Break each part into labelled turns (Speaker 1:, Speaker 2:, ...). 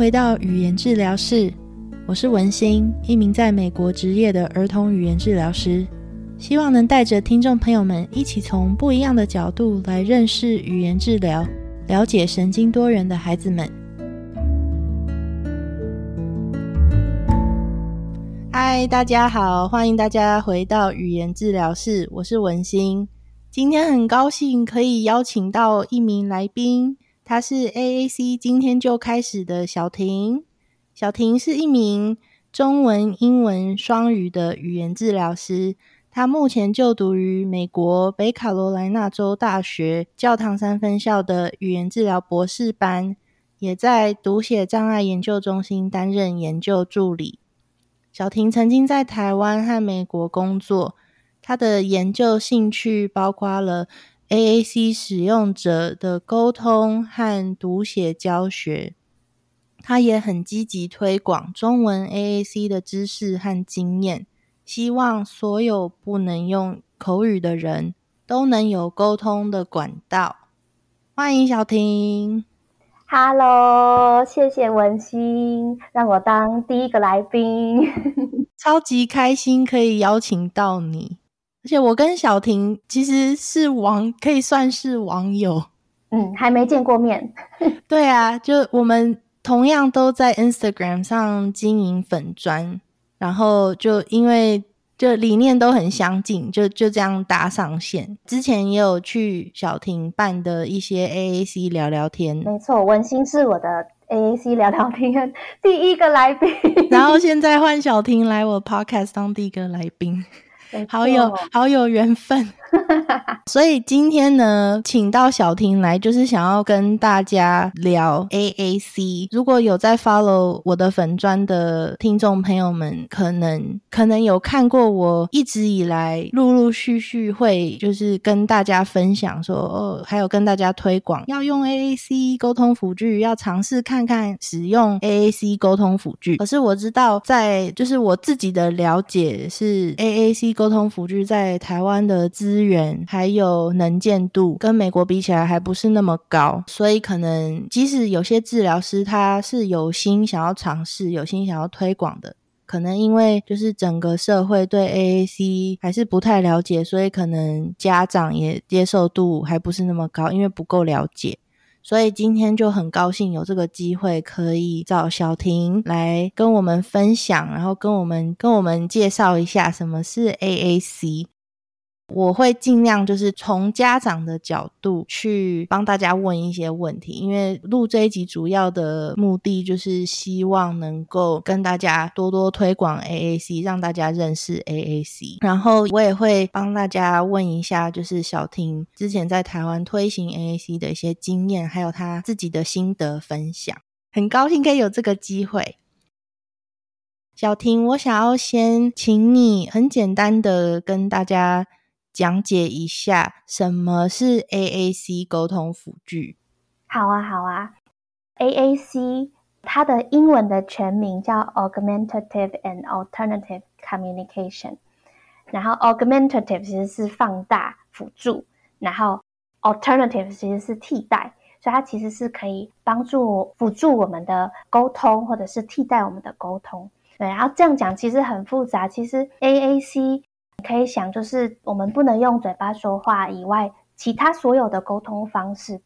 Speaker 1: 回到語言摯聊室，我是文馨，一名在美國執業的兒童語言治療師，希望能帶着聽眾朋友們一起從不一樣的角度來認識語言治療，了解神經多元的孩子們。嗨，大家好，歡迎大家回到語言摯聊室，我是文馨，今天很高興可以邀請到一名來賓。他是 AAC 今天就開始的筱庭。筱庭是一名中文、英文雙語的語言治療師，她目前就讀於美國北卡羅來納州大學教堂山分校的語言治療博士班，也在讀寫障礙研究中心擔任研究助理。筱庭曾經在台灣和美國工作，她的研究興趣包括了。AAC 使用者的溝通和讀寫教學，他也很積極推廣中文 AAC 的知識和經驗，希望所有不能用口語的人都能有溝通的管道。歡迎筱庭，Hello，謝謝文馨，讓我當第一個來賓， 超級開心可以邀請到你。而且我跟筱庭其實是網，可以算是網友，嗯，還沒見過面。 對啊，就我們同樣都在 Instagram 上經營粉專，然後就因為就理念都很相近，就就這樣搭上線。之前也有去筱庭辦的一些 AAC 聊聊天。
Speaker 2: 沒錯，文馨是我的
Speaker 1: AAC 聊聊天第一個來賓， 然後現在換筱庭來我 podcast 當第一個來賓。好有好有緣分，哈哈哈，所以今天呢，請到筱庭來，就是想要跟大家聊 AAC。如果有在 follow 我的粉專的聽眾朋友們，可能可能有看過我一直以來陸陸續續會就是跟大家分享說，哦，還有跟大家推廣要用 AAC 溝通輔具，要嘗試看看使用 AAC 溝通輔具。可是我知道，在就是我自己的了解是 AAC。溝通輔具在台灣的資源還有能見度，跟美國比起來還不是那麼高，所以可能即使有些治療師他是有心想要嘗試、有心想要推廣的，可能因為就是整個社會對 AAC 還是不太了解，所以可能家長也接受度還不是那麼高，因為不夠了解。所以今天就很高興有這個機會，可以找筱庭來跟我們分享，然後跟我們跟我們介紹一下什麼是 AAC。我會盡量就是從家長的角度去幫大家問一些問題，因為錄這一集主要的目的就是希望能夠跟大家多多推廣 AAC，讓大家認識 AAC。然後我也會幫大家問一下，就是筱庭之前在台灣推行 AAC 的一些經驗，還有她自己的心得分享。很高興可以有這個機會。筱庭，我想要先請你很簡單的跟大家。講解一下什麼是 AAC 溝通輔具？
Speaker 2: 好啊，好啊，AAC 它的英文的全名叫 Augmentative and Alternative Communication。然後 Augmentative 其實是放大輔助，然後 Alternative 其實是替代，所以它其實是可以幫助輔助我們的溝通，或者是替代我們的溝通。對，然後這樣講其實很複雜。其實 AAC。你可以想，就是我們不能用嘴巴說話以外，其他所有的溝通方式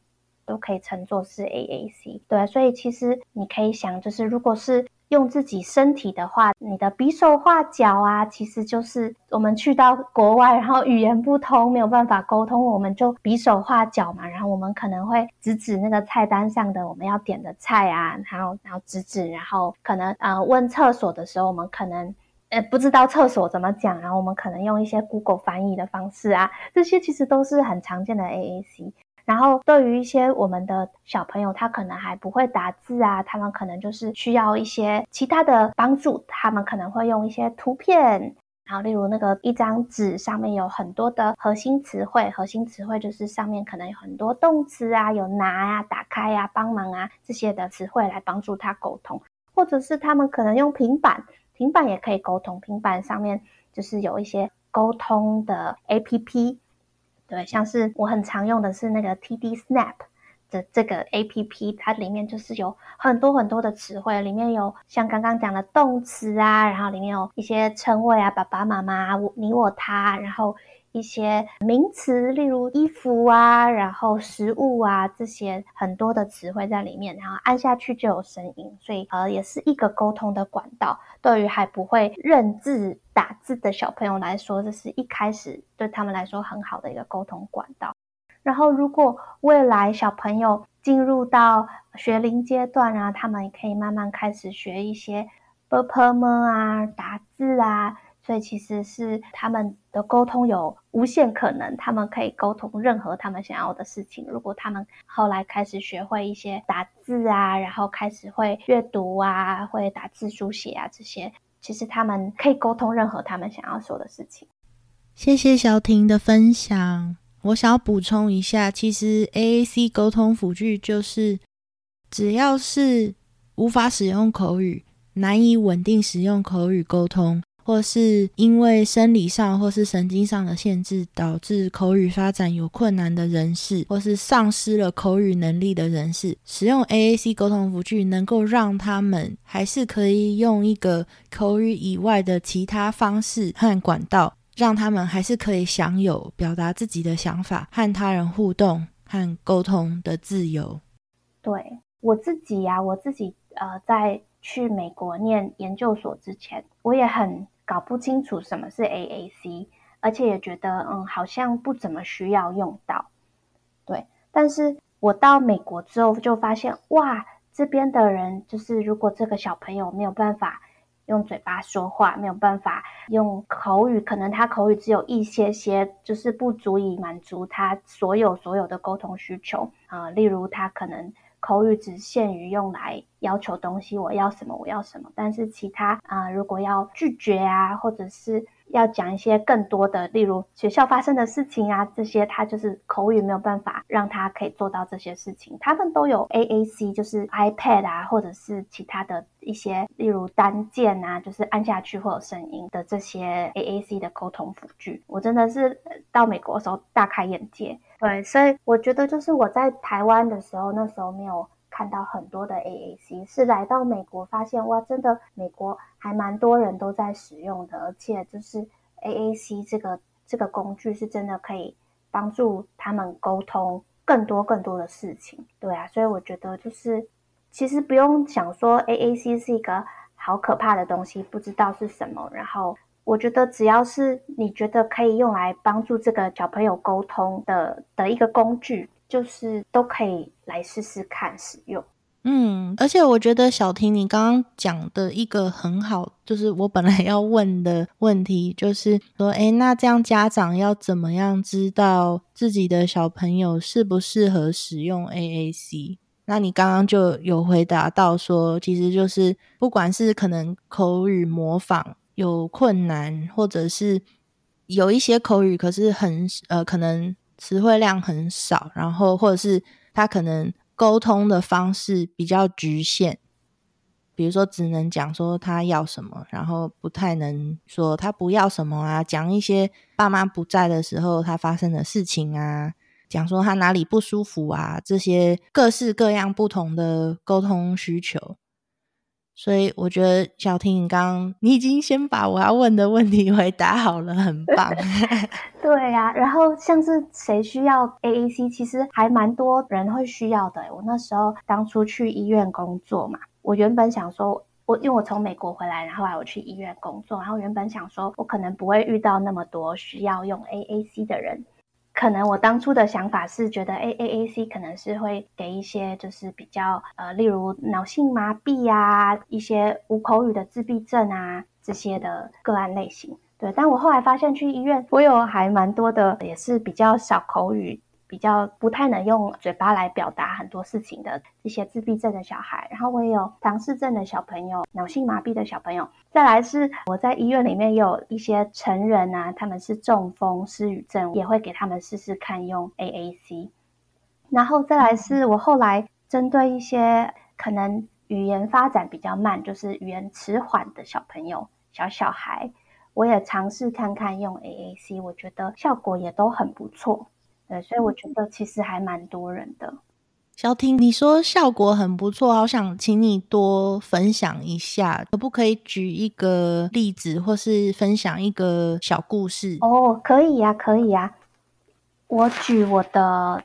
Speaker 2: 都可以稱作是 AAC。對，所以其實你可以想，就是如果是用自己身體的話，你的比手畫腳啊，其實就是我們去到國外，然後語言不通，沒有辦法溝通，我們就比手畫腳嘛。然後我們可能會指指那個菜單上的我們要點的菜啊，然後然後指指，然後可能呃問廁所的時候，我們可能。呃、欸，不知道廁所怎麼講啊？我們可能用一些 Google 翻譯的方式啊，這些其實都是很常見的 AAC。然後，對於一些我們的小朋友，他可能還不會打字啊，他們可能就是需要一些其他的幫助，他們可能會用一些圖片，然後例如那個一張紙上面有很多的核心詞彙，核心詞彙就是上面可能有很多動詞啊，有拿呀、啊、打開呀、啊、幫忙啊這些的詞彙來幫助他溝通，或者是他們可能用平板。平板也可以溝通，平板上面就是有一些溝通的 APP，對，像是我很常用的是那個 TD Snap 的這個 APP，它裡面就是有很多很多的詞彙，裡面有像剛剛講的動詞啊，然後裡面有一些稱謂啊，爸爸媽媽、我、你、我、他，然後。一些名詞，例如衣服啊，然後食物啊，這些很多的詞彙在裡面，然後按下去就有聲音，所以呃，也是一個溝通的管道。對於還不會認字打字的小朋友來說，這是一開始對他們來說很好的一個溝通管道。然後，如果未來小朋友進入到學齡階段啊，啊他們也可以慢慢開始學一些 ㄅㄆㄇ 啊，打字啊。所以其實是他們的溝通有無限可能，他們可以溝通任何他們想要的事情。如果他們後來開始學會一些打字啊，然後開始會閱讀啊，會打字書寫啊這些，其實他們可以溝通任何他們想要說的事情。
Speaker 1: 謝謝筱庭的分享。我想要補充一下，其實 AAC 溝通輔具就是只要是無法使用口語，難以穩定使用口語溝通。或是因為生理上或是神經上的限制，導致口語發展有困難的人士，或是喪失了口語能力的人士，使用 AAC 溝通輔具，能夠讓他們還是可以用一個口語以外的其他方式和管道，讓他們還是可以享有表達自己的想法、和他人互動和溝通的自由。
Speaker 2: 對，我自己呀、啊，我自己呃，在去美國念研究所之前，我也很搞不清楚什麼是 AAC，而且也覺得嗯，好像不怎麼需要用到。對，但是我到美國之後就發現，哇，這邊的人就是，如果這個小朋友沒有辦法用嘴巴說話，沒有辦法用口語，可能他口語只有一些些，就是不足以滿足他所有所有的溝通需求啊，呃，例如他可能。口語只限於用來要求東西，我要什麼，我要什麼。但是其他啊、呃，如果要拒絕啊，或者是。要講一些更多的，例如學校發生的事情啊，這些他就是口語沒有辦法讓他可以做到這些事情。他們都有 AAC，就是 iPad 啊，或者是其他的一些，例如單鍵啊，就是按下去會有聲音的這些 AAC 的溝通輔具。我真的是到美國的時候大開眼界。對，所以我覺得就是我在台灣的時候，那時候沒有。看到很多的 AAC 是來到美國，發現哇，真的美國還蠻多人都在使用的，而且就是 AAC 這個這個工具是真的可以幫助他們溝通更多更多的事情。對啊，所以我覺得就是其實不用想說 AAC 是一個好可怕的東西，不知道是什麼。然後我覺得只要是你覺得可以用來幫助這個小朋友溝通的的一個工具。就是都可以來試試看使
Speaker 1: 用。嗯，而且我覺得筱庭，你剛剛講的一個很好，就是我本來要問的問題，就是說，哎、欸，那這樣家長要怎麼樣知道自己的小朋友適不適合使用 AAC？那你剛剛就有回答到說，其實就是不管是可能口語模仿有困難，或者是有一些口語可是很呃可能。詞彙量很少，然後或者是他可能溝通的方式比較侷限，比如說只能講說他要什麼，然後不太能說他不要什麼啊，講一些爸媽不在的時候他發生的事情啊，講說他哪裡不舒服啊，這些各式各樣不同的溝通需求。所以我覺得筱庭，你剛剛你已經先把我要問的問題回答好了，很棒。
Speaker 2: 對呀，啊，然後像是誰需要 AAC，其實還蠻多人會需要的。我那時候當初去醫院工作嘛，我原本想說，我因為我從美國回來，然後來我去醫院工作，然後原本想說我可能不會遇到那麼多需要用 AAC 的人。可能我當初的想法是覺得 AAC 可能是會給一些就是比較呃，例如腦性麻痹呀、啊，一些無口語的自閉症啊這些的個案類型。對，但我後來發現去醫院，我有還蠻多的，也是比較少口語。比較不太能用嘴巴來表達很多事情的這些自閉症的小孩，然後我也有唐氏症的小朋友、腦性麻痹的小朋友。再來是我在醫院裡面也有一些成人啊，他們是中風、失語症，也會給他們試試看用 AAC。然後再來是我後來針對一些可能語言發展比較慢，就是語言遲緩的小朋友、小小孩，我也嘗試看看用 AAC，我覺得效果也都很不錯。所以我覺得其實還蠻多人的。
Speaker 1: 筱庭，你說效果很不錯，好想請你多分享一下，可不可以舉一個例子，或是分享一個小故事？哦，可以呀，可以呀。我舉我
Speaker 2: 的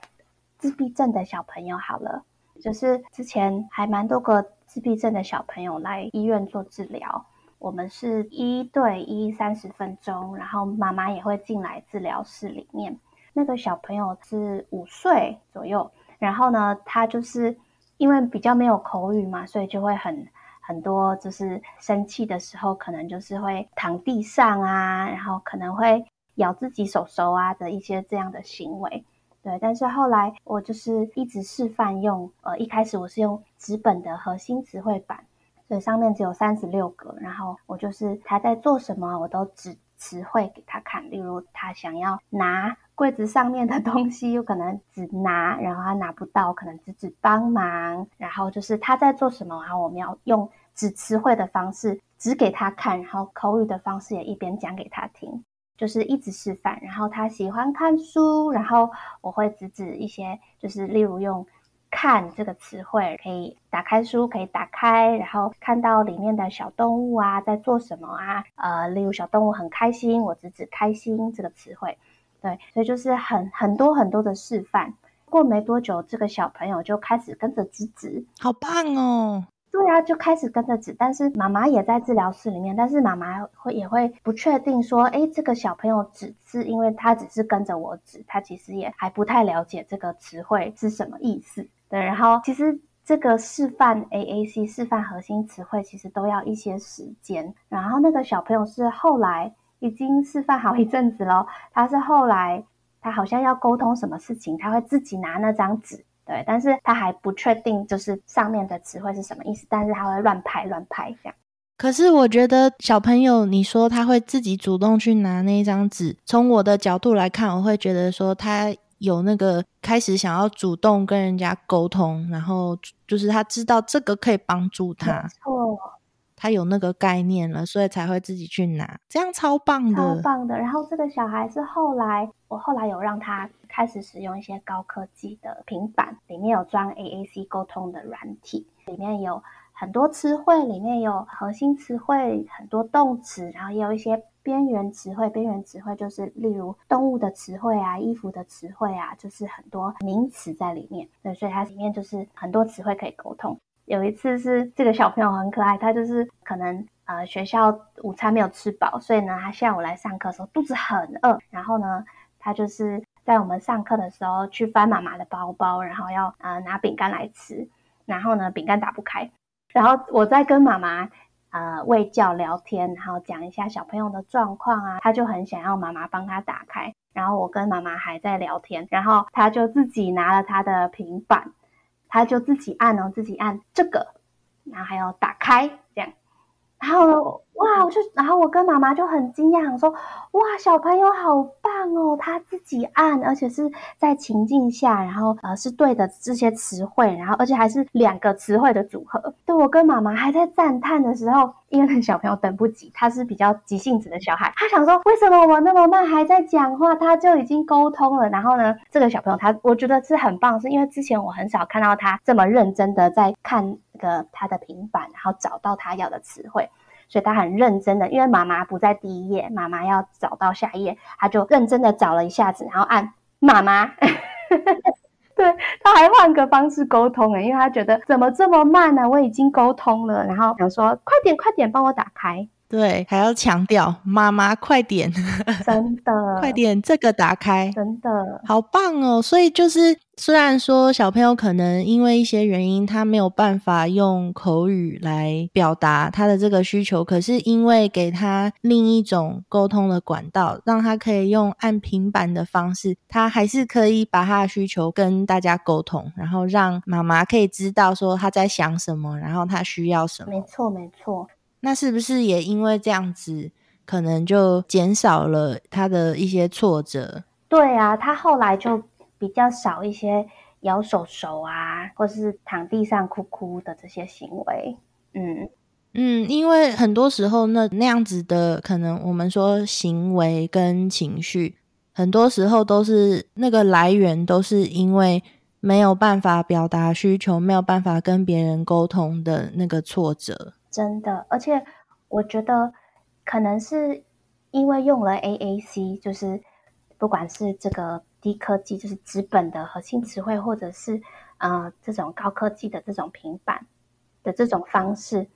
Speaker 2: 自閉症的小朋友好了，就是之前還蠻多個自閉症的小朋友來醫院做治療，我們是一對一三十分鐘，然後媽媽也會進來治療室裡面。那個小朋友是五歲左右，然後呢，他就是因為比較沒有口語嘛，所以就會很很多，就是生氣的時候，可能就是會躺地上啊，然後可能會咬自己手手啊的一些這樣的行為。對，但是後來我就是一直示範用，呃，一開始我是用紙本的核心詞彙板，所以上面只有三十六個，然後我就是他在做什麼，我都指詞彙給他看，例如他想要拿櫃子上面的東西，有可能只拿，然後他拿不到，可能只指幫忙，然後就是他在做什麼，啊，然後我們要用指詞彙的方式指給他看，然後口語的方式也一邊講給他聽，就是一直示範。然後他喜歡看書，然後我會指指一些，就是例如用。看這個詞彙，可以打開書，可以打開，然後看到裡面的小動物啊，在做什麼啊？呃，例如小動物很開心，我指指開心這個詞彙，對，所以就是很很多很多的示範。過沒多久，這個小朋友就開始跟着指指。好棒哦！對啊，就開始跟着指，但是媽媽也在治療室裡面，但是媽媽會也會不確定說，誒，這個小朋友只是因為他只是跟着我指，他其實也還不太了解這個詞彙是什麼意思。對，然後其實這個示範 AAC 示範核心詞彙其實都要一些時間，然後那個小朋友是後來已經示範好一陣子咯，他是後來他好像要溝通什麼事情，他會自己拿那張紙。對，但是他還不確定，就是上面的詞彙是什麼意思，但是他會亂拍亂拍這樣。
Speaker 1: 可是我覺得小朋友，你說他會自己主動去拿那張紙，從我的角度來看，我會覺得說他有那個開始想要主動跟人家溝通，然後就是他知道這個可以幫助他，沒錯，他有那個概念了，所以才會自己去拿，這樣
Speaker 2: 超棒的，超棒的。然後這個小孩是後來，我後來有讓他。開始使用一些高科技的平板，裡面有裝 AAC 溝通的軟體，裡面有很多詞彙，裡面有核心詞彙，很多動詞，然後也有一些邊緣詞彙。邊緣詞彙就是例如動物的詞彙啊，衣服的詞彙啊，就是很多名詞在裡面。對，所以它裡面就是很多詞彙可以溝通。有一次是這個小朋友很可愛，他就是可能呃學校午餐沒有吃飽，所以呢他下午來上課的時候肚子很餓，然後呢他就是。在我們上課的時候，去翻媽媽的包包，然後要呃拿餅乾來吃，然後呢餅乾打不開，然後我在跟媽媽呃衛教聊天，然後講一下小朋友的狀況啊，他就很想要媽媽幫他打開，然後我跟媽媽還在聊天，然後他就自己拿了他的平板，他就自己按哦，自己按這個，然後還要打開這樣，然後哇！我、wow, 就然後我跟媽媽就很驚訝，說：“哇，小朋友好棒哦！他自己按，而且是在情境下，然後呃是對的這些詞彙，然後而且還是兩個詞彙的組合。對”對我跟媽媽還在讚嘆的時候，因為那小朋友等不及，他是比較急性子的小孩，他想說：“為什麼我那麼慢還在講話？他就已經溝通了。”然後呢，這個小朋友他我覺得是很棒，是因為之前我很少看到他這麼認真的在看那個他的平板，然後找到他要的詞彙。所以他很認真的，因為媽媽不在第一頁，媽媽要找到下一頁，他就認真的找了一下子，然後按媽媽， 對，他還換個方式溝通哎，因為他覺得怎麼這麼慢呢、啊？我已經溝通了，然後想說快點快點幫我打開，
Speaker 1: 對，還要強調媽媽快點，真的 快點這個打開，真的好棒哦，所以就是。雖然說小朋友可能因為一些原因，他沒有辦法用口語來表達他的這個需求，可是因為給他另一種溝通的管道，讓他可以用按平板的方式，他還是可以把他的需求跟大家溝通，然後讓媽媽可以知道說他在想什麼，然後他需要什麼。沒錯，沒錯。那是不是也因為這樣子，可能就減少了他的一些挫折？
Speaker 2: 對啊，他後來就。比較少一些咬手手啊，或是躺地上哭哭的這些行為，嗯
Speaker 1: 嗯，因為很多時候那那樣子的可能，我們說行為跟情緒，很多時候都是那個來源都是因為沒有辦法表達需求，沒有辦法跟別人溝通的那個挫折，
Speaker 2: 真的，而且我覺得可能是因為用了 AAC，就是不管是這個。低科技就是紙本的核心詞彙，或者是呃這種高科技的這種平板的這種方式，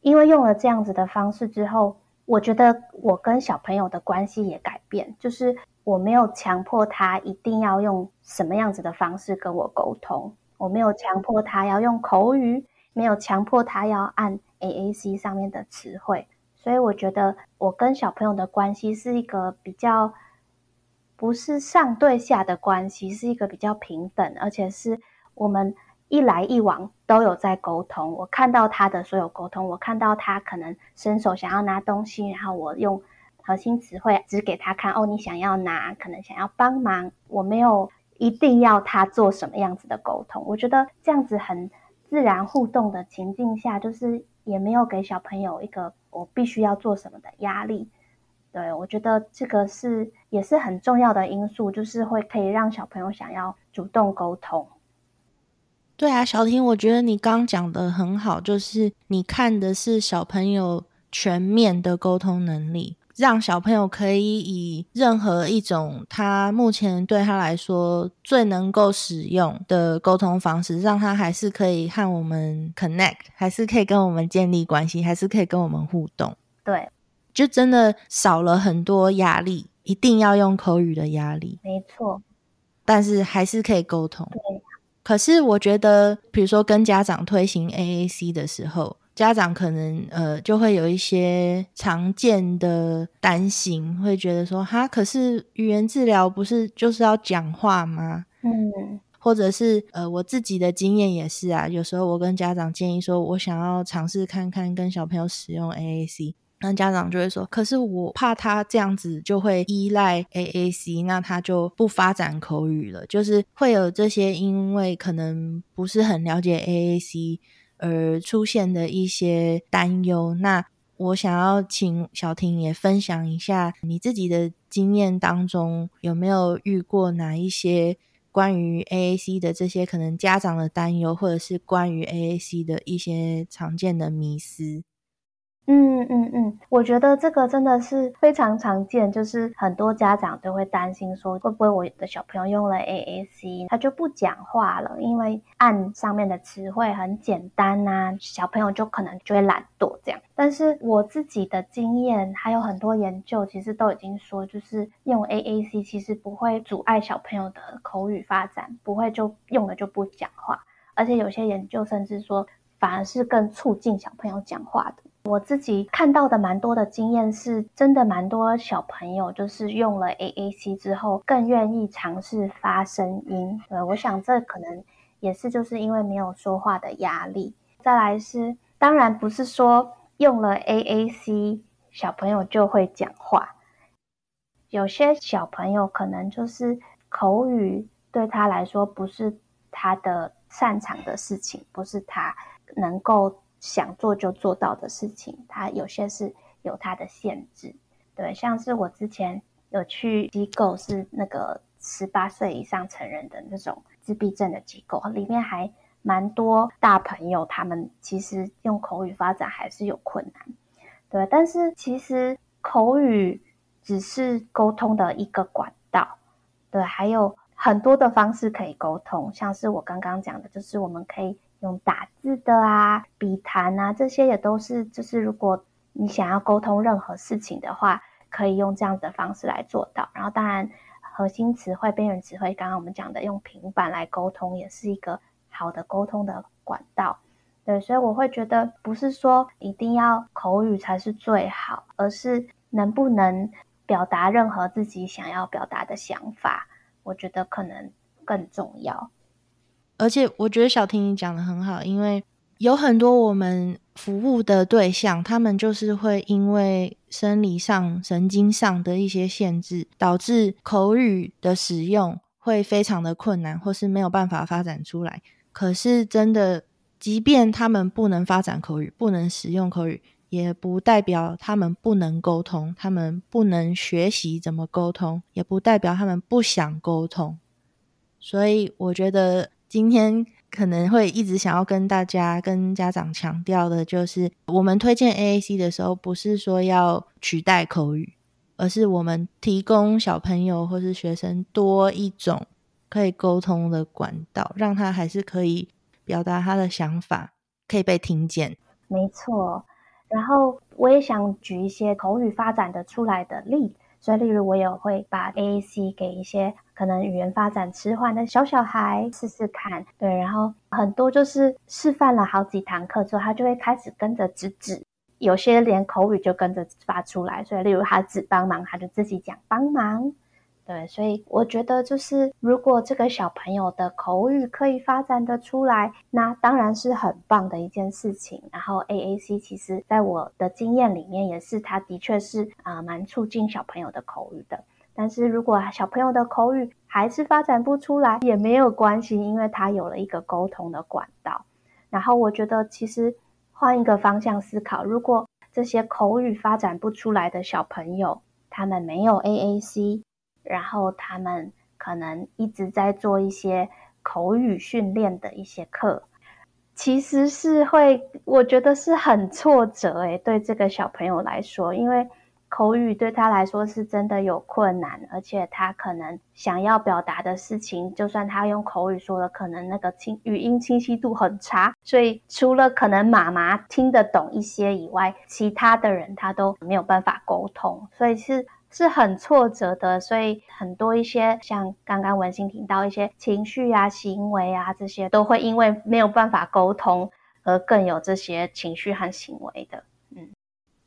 Speaker 2: 因為用了這樣子的方式之後，我覺得我跟小朋友的關係也改變，就是我沒有強迫他一定要用什麼樣子的方式跟我溝通，我沒有強迫他要用口語，沒有強迫他要按 AAC 上面的詞彙，所以我覺得我跟小朋友的關係是一個比較，不是上對下的關係，是一個比較平等，而且是我們一來一往都有在溝通。我看到他的所有溝通，我看到他可能伸手想要拿東西，然後我用核心詞彙指給他看，哦，你想要拿，可能想要幫忙，我沒有一定要他做什麼樣子的溝通。我覺得這樣子很自然互動的情境下，就是也沒有給小朋友一個我必須要做什麼的壓力。對，我覺得這個是也是很重要的因素，就是會可以讓小朋友想要主動溝通。
Speaker 1: 對啊，筱庭，我覺得你剛剛講的很好，就是你看的是小朋友全面的溝通能力，讓小朋友可以以任何一種他目前對他來說最能夠使用的溝通方式，讓他還是可以和我們 connect，還是可以跟我們建立關係，還是可以跟我們互動。對。就真的少了很多壓力，一定要用口語的壓力，沒錯錯，但是還是可以溝通。對可是我覺得，比如說跟家長推行 AAC 的時候，家長可能呃就會有一些常見的擔心，會覺得說哈，可是語言治療不是就是要講話嗎？嗯，或者是呃，我自己的經驗也是啊，有時候我跟家長建議說，我想要嘗試看看跟小朋友使用 AAC。那家長就會說：“可是我怕他這樣子就會依賴 AAC，那他就不發展口語了，就是會有這些因為可能不是很了解 AAC 而出現的一些擔憂。”那我想要請筱庭也分享一下，你自己的經驗當中有沒有遇過哪一些關於 AAC 的這些可能家長的擔憂，或者是關於 AAC 的一些常見的迷思。
Speaker 2: 嗯嗯嗯，我覺得這個真的是非常常見，就是很多家長都會擔心說，會不會我的小朋友用了 AAC，他就不講話了？因為按上面的詞彙很簡單吶、啊，小朋友就可能就會懶惰這樣。但是我自己的經驗，還有很多研究，其實都已經說，就是用 AAC 其實不會阻礙小朋友的口語發展，不會就用了就不講話，而且有些研究甚至說，反而是更促進小朋友講話的。我自己看到的蠻多的經驗是，真的蠻多小朋友就是用了 AAC 之後，更願意嘗試發聲音。呃，我想這可能也是就是因為沒有說話的壓力。再來是，當然不是說用了 AAC，小朋友就會講話，有些小朋友可能就是口語對他來說不是他的擅長的事情，不是他能夠。想做就做到的事情，它有些是有它的限制，對。像是我之前有去機構，是那個十八歲以上成人的那種自閉症的機構，裡面還蠻多大朋友，他們其實用口語發展還是有困難，對。但是其實口語只是溝通的一個管道，對，還有很多的方式可以溝通，像是我剛剛講的，就是我們可以。用打字的啊、筆談啊，這些也都是，就是如果你想要溝通任何事情的話，可以用這樣子的方式來做到。然後，當然，核心詞彙、邊緣詞彙，剛剛我們講的，用平板來溝通，也是一個好的溝通的管道。對，所以我會覺得，不是說一定要口語才是最好，而是能不能表達任何自己想要表達的想法，我覺得可能更重
Speaker 1: 要。而且我覺得筱庭，你講得很好，因為有很多我們服務的對象，他們就是會因為生理上、神經上的一些限制，導致口語的使用會非常的困難，或是沒有辦法發展出來。可是真的，即便他們不能發展口語，不能使用口語，也不代表他們不能溝通，他們不能學習怎麼溝通，也不代表他們不想溝通。所以我覺得，今天可能會一直想要跟大家、跟家長強調的，就是我們推薦 AAC 的時候，不是說要取代口語，而是我們提供小朋友或是學生多一種可以溝通的管道，讓他還是可以表達他的想法，可以被聽見。
Speaker 2: 沒錯。然後我也想舉一些口語發展的出來的例子。所以，例如我也會把 AAC 給一些可能語言發展遲緩的小小孩試試看，對，然後很多就是示範了好幾堂課之後，他就會開始跟着指指，有些連口語就跟着發出來。所以，例如他指幫忙，他就自己講幫忙。對，所以我覺得就是，如果這個小朋友的口語可以發展得出來，那當然是很棒的一件事情。然後 AAC 其實，在我的經驗裡面，也是它的確是啊、呃，蠻促進小朋友的口語的。但是如果小朋友的口語還是發展不出來，也沒有關係，因為他有了一個溝通的管道。然後我覺得，其實換一個方向思考，如果這些口語發展不出來的小朋友，他們沒有 AAC。然後他們可能一直在做一些口語訓練的一些課，其實是會，我覺得是很挫折誒、欸，對這個小朋友來說，因為口語對他來說是真的有困難，而且他可能想要表達的事情，就算他用口語說了，可能那個清語音清晰度很差，所以除了可能媽媽聽得懂一些以外，其他的人他都沒有辦法溝通，所以是。是很挫折的，所以很多一些像剛剛文馨提到一些情緒啊、行為啊這些，都會因為沒有辦法溝通而更有這些情緒和行為的。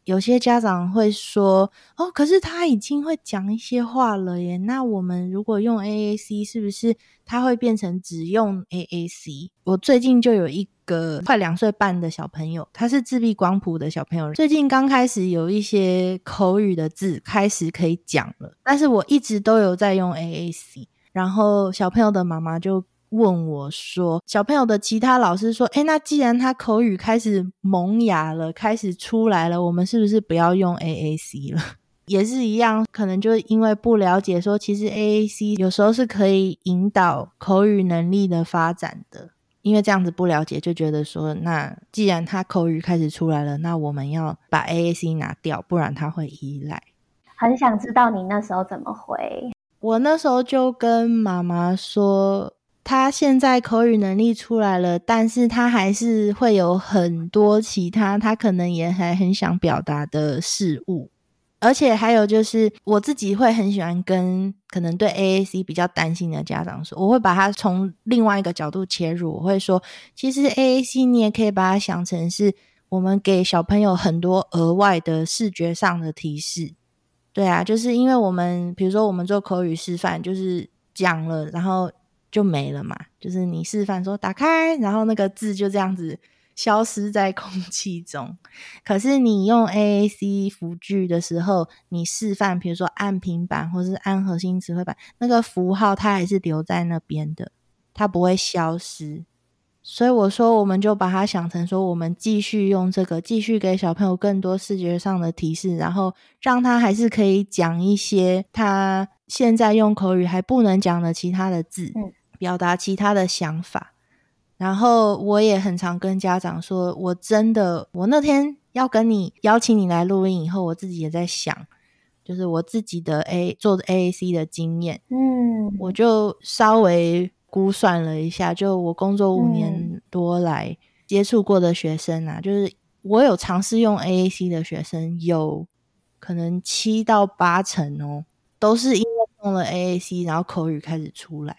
Speaker 1: 有些家長會說：“哦，可是他已經會講一些話了耶，那我們如果用 AAC，是不是他會變成只用 AAC？” 我最近就有一個快兩歲半的小朋友，他是自閉光譜的小朋友，最近剛開始有一些口語的字開始可以講了，但是我一直都有在用 AAC，然後小朋友的媽媽就。問我說：“小朋友的其他老師說，哎，那既然他口語開始萌芽了，開始出來了，我們是不是不要用 AAC 了？也是一樣，可能就因為不了解說，說其實 AAC 有時候是可以引導口語能力的發展的，因為這樣子不了解，就覺得說，那既然他口語開始出來了，那我們要把 AAC 拿掉，不然他會依賴。
Speaker 2: 很想知道你那時候怎麼回？
Speaker 1: 我那時候就跟媽媽說。”他現在口語能力出來了，但是他還是會有很多其他他可能也還很想表達的事物，而且還有就是我自己會很喜歡跟可能對 AAC 比較擔心的家長說，我會把他從另外一個角度切入，我會說，其實 AAC 你也可以把它想成是我們給小朋友很多額外的視覺上的提示，對啊，就是因為我們比如說我們做口語示範就是講了，然後。就沒了嘛，就是你示範說打開，然後那個字就這樣子消失在空氣中。可是你用 AAC 輔具的時候，你示範，比如說按平板或是按核心詞彙板，那個符號它還是留在那邊的，它不會消失。所以我說，我們就把它想成說，我們繼續用這個，繼續給小朋友更多視覺上的提示，然後讓他還是可以講一些他現在用口語還不能講的其他的字。嗯表達其他的想法，然後我也很常跟家長說，我真的，我那天要跟你，邀請你來錄音以後，我自己也在想，就是我自己的 A 做 AAC 的經驗，嗯，我就稍微估算了一下，就我工作五年多來接觸過的學生啊，就是我有嘗試用 AAC 的學生，有可能七到八成哦，都是因為用了 AAC，然後口語開始出來。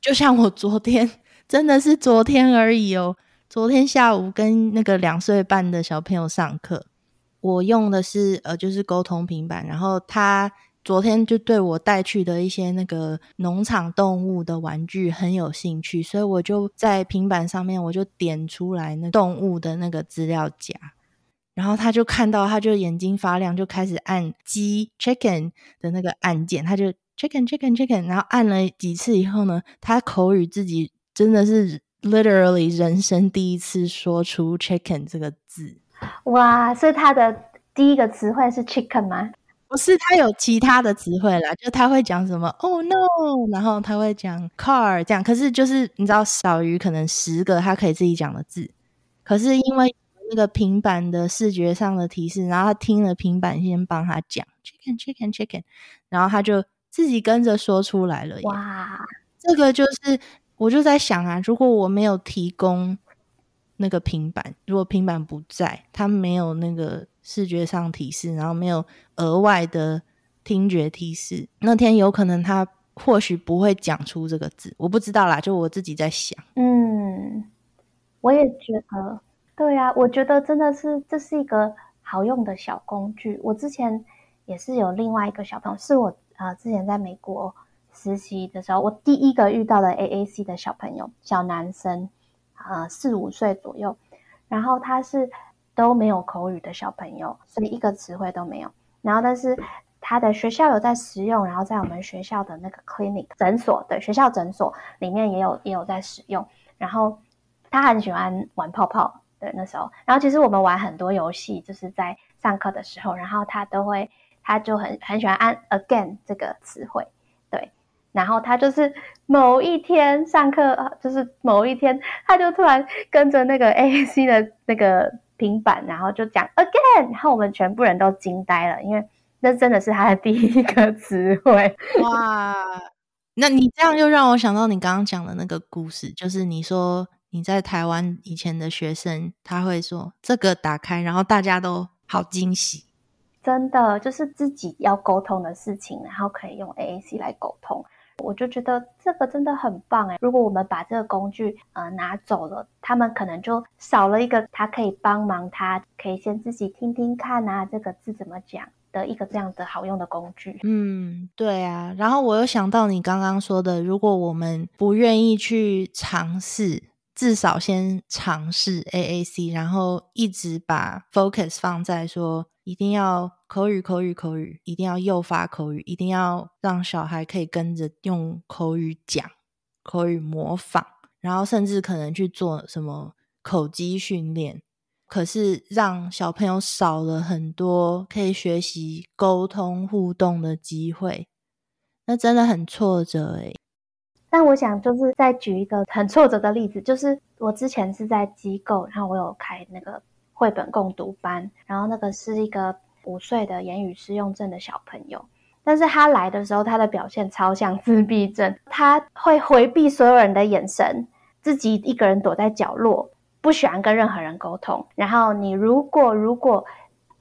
Speaker 1: 就像我昨天，真的是昨天而已哦。昨天下午跟那個兩歲半的小朋友上課，我用的是呃，就是溝通平板。然後他昨天就對我帶去的一些那個農場動物的玩具很有興趣，所以我就在平板上面，我就點出來那動物的那個資料夾，然後他就看到，他就眼睛發亮，就開始按雞 （chicken） 的那個按鍵，他就。Chicken, chicken, chicken，然後按了幾次以後呢，他口語自己真的是 literally 人生第一次說出 “chicken” 這個字。
Speaker 2: 哇，是他的第一個詞彙是 “chicken” 嗎？
Speaker 1: 不是，他有其他的詞彙啦。就他會講什麼 “oh no”，然後他會講 “car” 這樣。可是就是你知道，少於可能十個他可以自己講的字。可是因為那個平板的視覺上的提示，然後他聽了平板先幫他講 “chicken, chicken, chicken”，然後他就。自己跟着說出來了。哇，這個就是，我就在想啊，如果我沒有提供那個平板，如果平板不在，他沒有那個視覺上提示，然後沒有額外的聽覺提示，那天有可能他或許不會講出這個字，我不知道啦，就我自己在想。
Speaker 2: 嗯，我也覺得，對啊，我覺得真的是，這是一個好用的小工具。我之前也是有另外一個小朋友，是我。啊、呃，之前在美國實習的時候，我第一個遇到了 AAC 的小朋友，小男生，啊、呃，四五歲左右，然後他是都沒有口語的小朋友，所以一個詞彙都沒有。然後，但是他的學校有在使用，然後在我們學校的那個 clinic 診所，對，學校診所裡面也有也有在使用。然後他很喜歡玩泡泡，對，那時候，然後其實我們玩很多遊戲，就是在上課的時候，然後他都會。他就很很喜歡按 again 這個詞彙，對，然後他就是某一天上課，就是某一天，他就突然跟着那個 AAC 的那個平板，然後就講 again，然後我們全部人都驚呆了，因為那真的是他的第一個
Speaker 1: 詞彙，哇！那你這樣就讓我想到你剛剛講的那個故事，就是你說你在台灣以前的學生，他會說這個打開，然後大家都好驚喜。
Speaker 2: 真的就是自己要溝通的事情，然後可以用 AAC 來溝通，我就覺得這個真的很棒哎！如果我們把這個工具呃拿走了，他們可能就少了一個他可以幫忙他，他可以先自己聽聽看啊，這個字怎麼講的一個這樣的好用的工具。
Speaker 1: 嗯，對啊。然後我又想到你剛剛說的，如果我們不願意去嘗試，至少先嘗試 AAC，然後一直把 focus 放在說一定要口語、口語、口語，一定要誘發口語，一定要讓小孩可以跟着用口語講、口語模仿，然後甚至可能去做什麼口肌訓練。可是讓小朋友少了很多可以學習溝通互動的機會，那真的很挫折，誒、欸。
Speaker 2: 但我想，就是再舉一個很挫折的例子，就是我之前是在機構，然後我有開那個繪本共讀班，然後那個是一個五歲的言語失用症的小朋友，但是他來的時候，他的表現超像自閉症，他會回避所有人的眼神，自己一個人躲在角落，不喜歡跟任何人溝通。然後你如果如果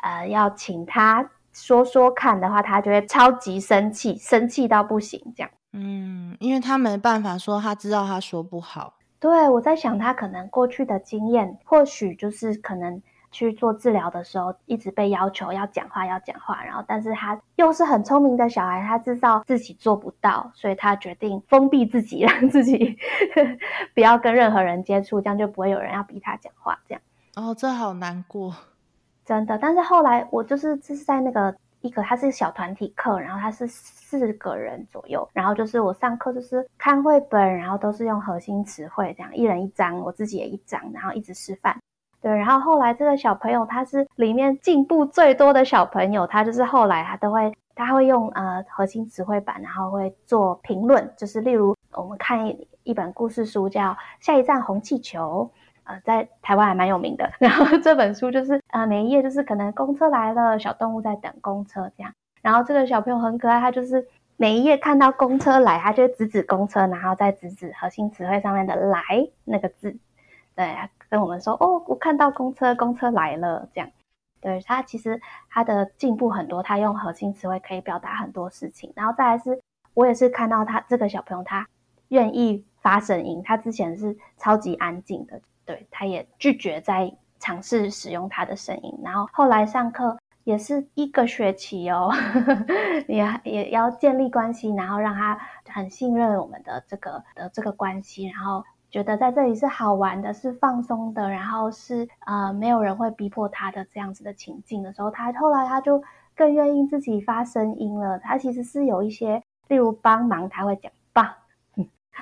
Speaker 2: 呃要請他說說看的話，他就會超級生氣，生氣到不行這樣。嗯，因為他沒辦法說，他知道他說不好。對，我在想他可能過去的經驗，或許就是可能去做治療的時候，一直被要求要講話要講話，然後，但是他又是很聰明的小孩，他知道自己做不到，所以他決定封閉自己，讓自己 不要跟任何人接觸，這樣就不會有人要逼他講話。這樣
Speaker 1: 哦，這好難
Speaker 2: 過，真的。但是後來我就是這、就是在那個。一個它是小團體課，然後它是四個人左右，然後就是我上課就是看繪本，然後都是用核心詞彙這樣，一人一張，我自己也一張，然後一直示範。對，然後後來這個小朋友他是裡面進步最多的小朋友，他就是後來他都會，他會用呃核心詞彙板，然後會做評論，就是例如我們看一一本故事書叫《下一站紅氣球》。呃，在台灣還蠻有名的。然後這本書就是，呃，每一頁就是可能公車來了，小動物在等公車這樣。然後這個小朋友很可愛，他就是每一頁看到公車來，他就指指公車，然後再指指核心詞彙上面的“來”那個字，對，他跟我們說：“哦，我看到公車，公車來了。”這樣，對，他其實他的進步很多，他用核心詞彙可以表達很多事情。然後再來是，我也是看到他這個小朋友，他願意發聲音，他之前是超級安靜的。對，他也拒絕再嘗試使用他的聲音。然後後來上課也是一個學期哦，也呵呵也要建立關係，然後讓他很信任我們的這個的這個關係，然後覺得在這裡是好玩的，是放鬆的，然後是呃沒有人會逼迫他的這樣子的情境的時候，他後來他就更願意自己發聲音了。他其實是有一些例如幫忙，他會講。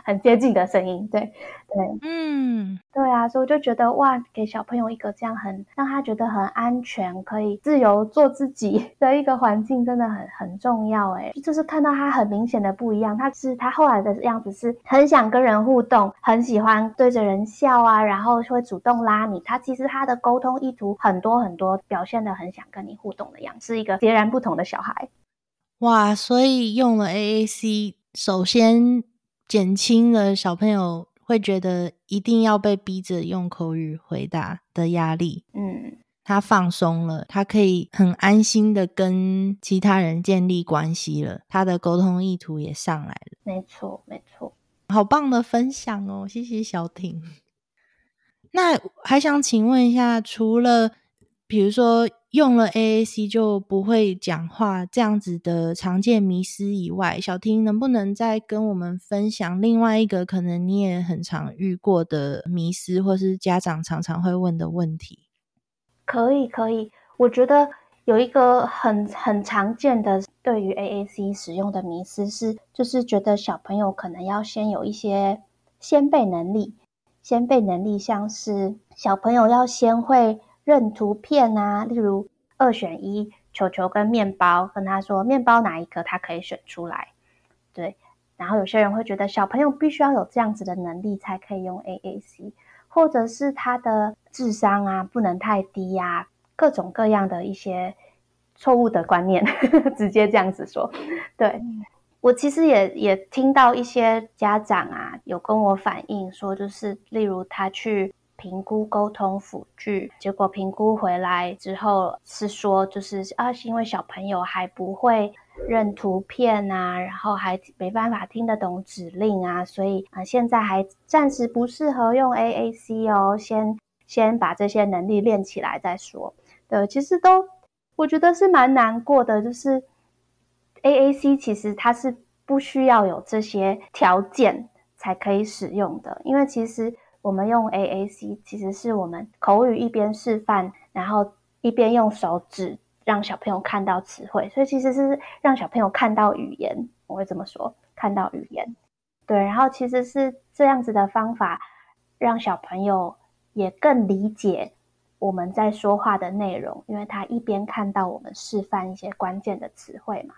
Speaker 2: 很接近的聲音，對對，嗯，對啊，所以我就覺得哇，給小朋友一個這樣很讓他覺得很安全，可以自由做自己的一個環境，真的很很重要欸。就是看到他很明顯的不一樣，他是他後來的樣子，是很想跟人互動，很喜歡對着人笑啊，然後會主動拉你。他其實他的溝通意圖很多很多，表現得很想跟你互動的樣子，是一個截然不同的小孩。
Speaker 1: 哇，所以用了 AAC，首先。減輕了小朋友會覺得一定要被逼着用口語回答的壓力，嗯，他放鬆了，他可以很安心的跟其他人建立關係了，他的溝通意圖也上來了。沒錯，沒錯，好棒的分享哦，謝謝筱庭。 那還想請問一下，除了。比如說用了 AAC 就不會講話，這樣子的常見迷思以外，筱庭能不能再跟我們分享另外一個可能你也很常遇過的迷思，或是家長常常會問的問題？
Speaker 2: 可以，可以。我覺得有一個很很常見的對於 AAC 使用的迷思是，就是覺得小朋友可能要先有一些先備能力，先備能力像是小朋友要先會。認圖片啊，例如二選一，球球跟麵包，跟他說麵包哪一顆，他可以選出來。對，然後有些人會覺得小朋友必須要有這樣子的能力，才可以用 AAC，或者是他的智商啊不能太低啊，各種各樣的一些錯誤的觀念呵呵，直接這樣子說。對、嗯、我其實也也聽到一些家長啊有跟我反映說，就是例如他去。評估溝通輔具，結果評估回來之後是說，就是啊，是因為小朋友還不會認圖片啊，然後還沒辦法聽得懂指令啊，所以啊，呃，現在還暫時不適合用 AAC 哦，先先把這些能力練起來再說。對，其實都，我覺得是蠻難過的，就是 AAC 其實它是不需要有這些條件才可以使用的，因為其實。我們用 AAC，其實是我們口語一邊示範，然後一邊用手指讓小朋友看到詞彙，所以其實是讓小朋友看到語言，我會這麼說，看到語言。對，然後其實是這樣子的方法，讓小朋友也更理解我們在說話的內容，因為他一邊看到我們示範一些關鍵的詞彙嘛。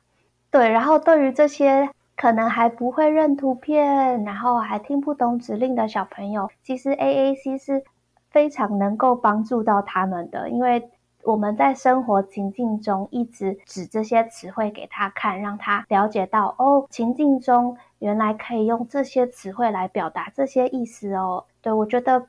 Speaker 2: 對，然後對於這些。可能還不會認圖片，然後還聽不懂指令的小朋友，其實 AAC 是非常能夠幫助到他們的。因為我們在生活情境中一直指這些詞彙給他看，讓他了解到哦，情境中原來可以用這些詞彙來表達這些意思哦。對，我覺得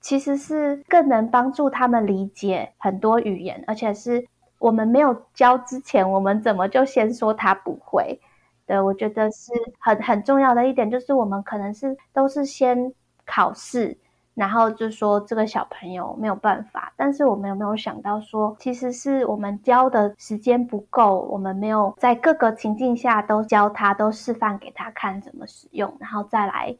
Speaker 2: 其實是更能幫助他們理解很多語言，而且是我們沒有教之前，我們怎麼就先說他不會。對，我覺得是很很重要的一點，就是我們可能是都是先考試，然後就說這個小朋友沒有辦法。但是我們有沒有想到說，其實是我們教的時間不夠，我們沒有在各個情境下都教他，都示範給他看怎麼使用，然後再來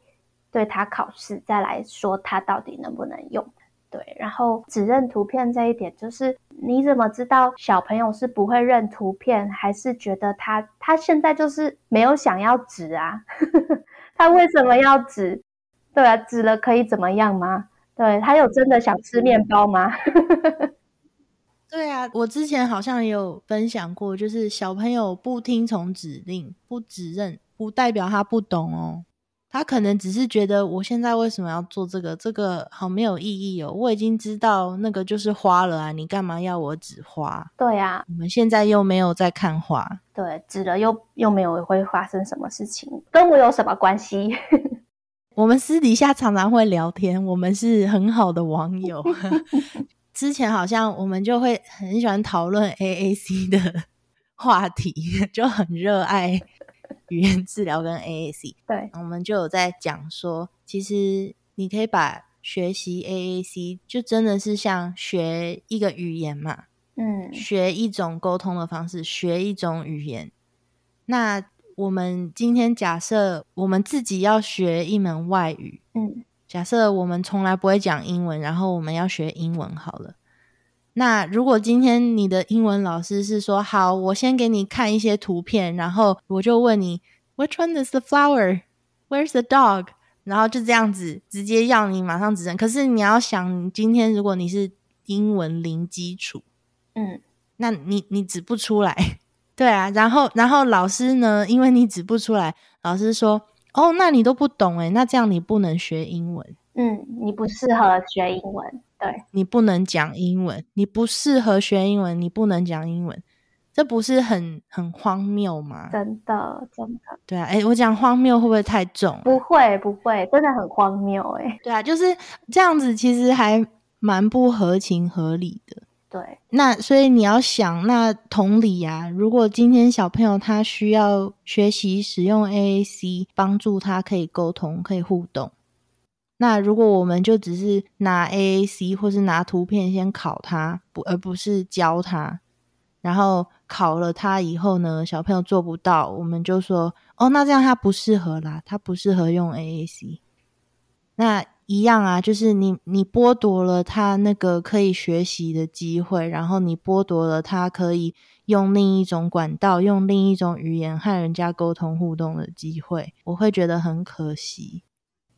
Speaker 2: 對他考試，再來說他到底能不能用？對，然後指認圖片這一點就是。你怎麼知道小朋友是不會認圖片，還是覺得他他現在就是沒有想要指啊？ 他為什麼要指？
Speaker 1: 對啊，指了可以怎麼樣嗎？對，
Speaker 2: 他有真的想吃麵包嗎？
Speaker 1: 對啊，我之前好像也有分享過，就是小朋友不聽從指令、不指認，不代表他不懂哦。他可能只是覺得我現在為什麼要做這個？這個好沒有意義哦！我已經知道那個就是花了啊，你幹嘛要我指花？對啊，我們現在又沒有在看花，
Speaker 2: 對，指了又又沒有會發生什麼事情，跟我有什麼關係？
Speaker 1: 我們私底下常常會聊天，我們是很好的網友。 之前好像我們就會很喜歡討論 AAC 的話題，就很熱愛。語言治療跟 AAC，對，我們就有在講說，其實你可以把學習 AAC，就真的是像學一個語言嘛，嗯，學一種溝通的方式，學一種語言。那我們今天假設我們自己要學一門外語，嗯，假設我們從來不會講英文，然後我們要學英文好了。那如果今天你的英文老師是說好，我先給你看一些圖片，然後我就問你，Which one is the flower? Where's the dog? 然後就這樣子直接要你馬上指認，可是你要想，今天如果你是英文零基礎，嗯，那你你指不出來， 對啊，然後然後老師呢，因為你指不出來，老師說，哦，那你都不懂哎，那這樣你不能學英文，嗯，你
Speaker 2: 不適合學英文。
Speaker 1: 對，你不能講英文，你不適合學英文，你不能講英文，這不是很很荒謬嗎？真的，
Speaker 2: 真的。
Speaker 1: 對啊，哎，我講荒謬會不會太重啊？不
Speaker 2: 會，不會，真的很荒
Speaker 1: 謬欸，哎。對啊，就是這樣子，其實還蠻不合情合理的。對，那所以你要想，那同理啊，如果今天小朋友他需要學習使用 AAC，幫助他可以溝通，可以互動。那如果我們就只是拿 AAC 或是拿圖片先考他，不，而不是教他，然後考了他以後呢，小朋友做不到，我們就說，哦，那這樣他不適合啦，他不適合用 AAC。那一樣啊，就是你你剝奪了他那個可以學習的機會，然後你剝奪了他可以用另一種管道、用另一種語言和人家溝通互動的機會，我會覺得很可惜。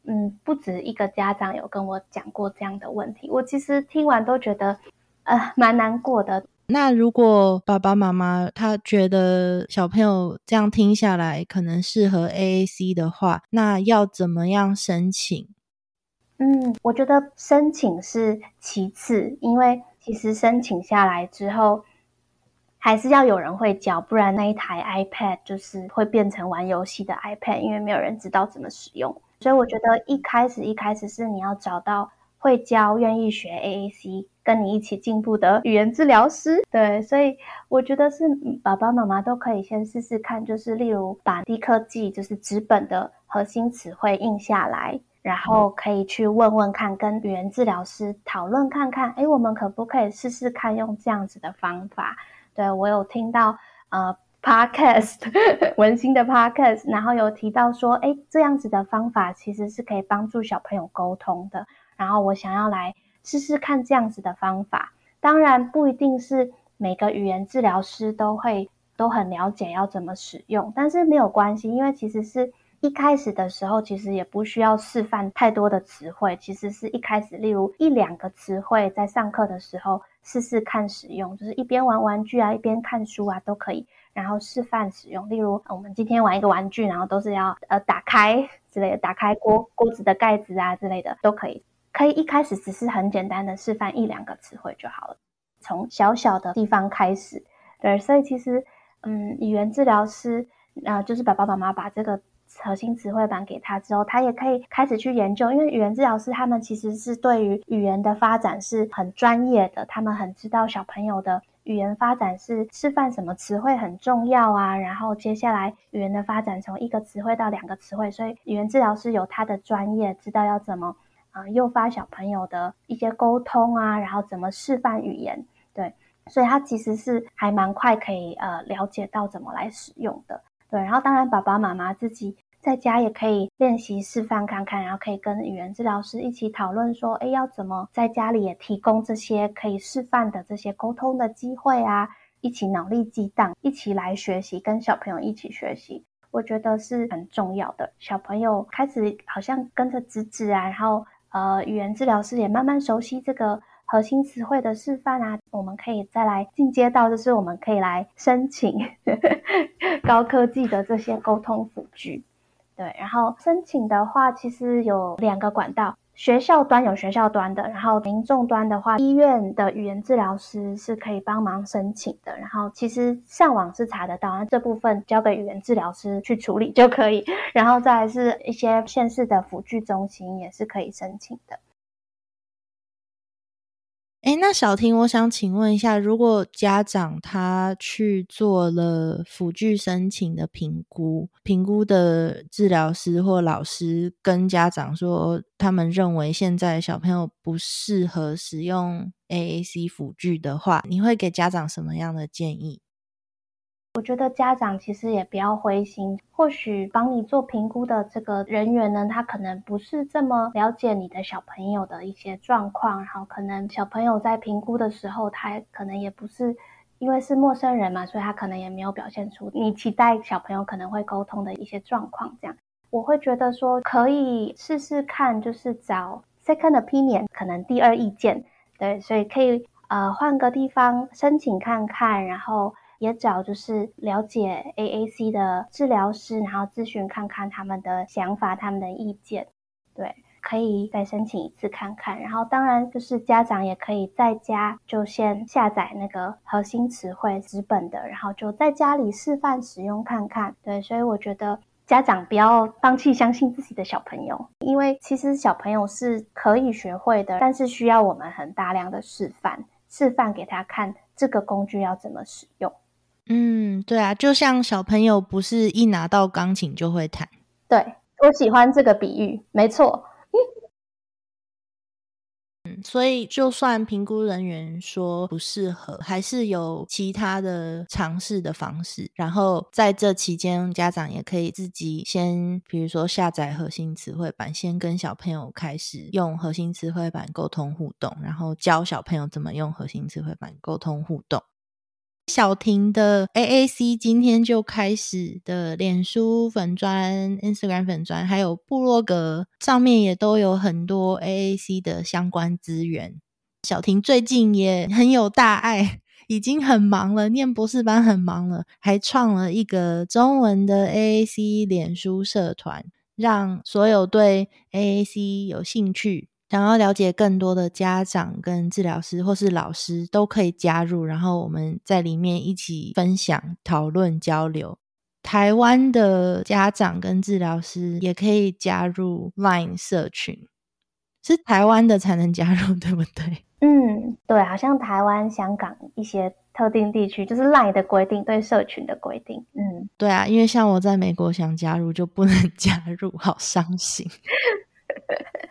Speaker 2: 嗯，不止一個家長有跟我講過這樣的問題，我其實聽完都覺得，呃，
Speaker 1: 蠻難過的。那如果爸爸媽媽他覺得小朋友這樣聽下來可能適合 AAC 的話，那要怎麼樣申請？
Speaker 2: 嗯，我覺得申請是其次，因為其實申請下來之後，還是要有人會教，不然那一台 iPad 就是會變成玩遊戲的 iPad，因為沒有人知道怎麼使用。所以我覺得一開始，一開始是你要找到會教、願意學 AAC、跟你一起進步的語言治療師。對，所以我覺得是爸爸媽媽都可以先試試看，就是例如把低科技，就是紙本的核心詞彙印下來，然後可以去問問看，跟語言治療師討論看看，哎，我們可不可以試試看用這樣子的方法？對，我有聽到，呃。Podcast 文馨的 Podcast，然後有提到說，哎，這樣子的方法其實是可以幫助小朋友溝通的。然後我想要來試試看這樣子的方法。當然，不一定是每個語言治療師都會都很了解要怎麼使用，但是沒有關係，因為其實是一開始的時候，其實也不需要示範太多的詞彙。其實是一開始，例如一兩個詞彙，在上課的時候試試看使用，就是一邊玩玩具啊，一邊看書啊，都可以。然後示範使用，例如我們今天玩一個玩具，然後都是要呃打開之類的，打開鍋鍋子的蓋子啊之類的都可以。可以一開始只是很簡單的示範一兩個詞彙就好了，從小小的地方開始。對，所以其實嗯，語言治療師啊、呃，就是爸爸媽媽把這個核心詞彙板給他之後，他也可以開始去研究，因為語言治療師他們其實是對於語言的發展是很專業的，他們很知道小朋友的。語言發展是示範什麼詞彙很重要啊，然後接下來語言的發展從一個詞彙到兩個詞彙，所以語言治療師有他的專業，知道要怎麼啊，呃，誘發小朋友的一些溝通啊，然後怎麼示範語言，對，所以他其實是還蠻快可以呃了解到怎麼來使用的，對，然後當然爸爸媽媽自己。在家也可以練習示範看看，然後可以跟語言治療師一起討論說，哎，要怎麼在家裡也提供這些可以示範的這些溝通的機會啊？一起腦力激盪，一起來學習，跟小朋友一起學習，我覺得是很重要的。小朋友開始好像跟着指指啊，然後呃，語言治療師也慢慢熟悉這個核心詞彙的示範啊，我們可以再來進階到，就是我們可以來申請高科技的這些溝通輔具。對，然後申請的話，其實有兩個管道，學校端有學校端的，然後民眾端的話，醫院的語言治療師是可以幫忙申請的。然後其實上網是查得到，那這部分交給語言治療師去處理就可以。然後再來是一些縣市的輔具中心也是可以申請的。
Speaker 1: 哎，那筱庭，我想請問一下，如果家長他去做了輔具申請的評估，評估的治療師或老師跟家長說，他們認為現在小朋友不適合使用 AAC 輔具的話，你會給家長什麼樣的建議？
Speaker 2: 我覺得家長其實也不要灰心，或許幫你做評估的這個人員呢，他可能不是這麼了解你的小朋友的一些狀況，然後可能小朋友在評估的時候，他可能也不是因為是陌生人嘛，所以他可能也沒有表現出你期待小朋友可能會溝通的一些狀況。這樣我會覺得說可以試試看，就是找 second opinion，可能第二意見，對，所以可以呃換個地方申請看看，然後。也找就是了解 AAC 的治療師，然後諮詢看看他們的想法、他們的意見。對，可以再申請一次看看。然後當然就是家長也可以在家就先下載那個核心詞彙紙本的，然後就在家裡示範使用看看。對，所以我覺得家長不要放棄相信自己的小朋友，因為其實小朋友是可以學會的，但是需要我們很大量的示範，示範給他看這個工具要怎麼使用。
Speaker 1: 嗯，對啊，就像小朋友不是一拿到鋼琴就會彈。對，我喜歡這個比喻，沒錯。嗯，所以就算評估人員說不適合，還是有其他的嘗試的方式。然後在這期間，家長也可以自己先，比如說下載核心詞彙版，先跟小朋友開始用核心詞彙版溝通互動，然後教小朋友怎麼用核心詞彙版溝通互動。筱庭的 AAC 今天就開始的臉書粉專、Instagram 粉專，還有部落格上面也都有很多 AAC 的相關資源。筱庭最近也很有大愛，已經很忙了，念博士班很忙了，還創了一個中文的 AAC 臉書社團，讓所有對 AAC 有興趣。想要了解更多的家長跟治療師或是老師都可以加入，然後我們在裡面一起分享、討論、交流。台灣的家長跟治療師也可以加入 LINE 社群，是台灣的才能加入，對不對？嗯，
Speaker 2: 對，好像台灣、香港一些特定地區就是 LINE 的規定，對社群的規定。
Speaker 1: 嗯，對啊，因為像我在美國想加入就不能加入，好傷心。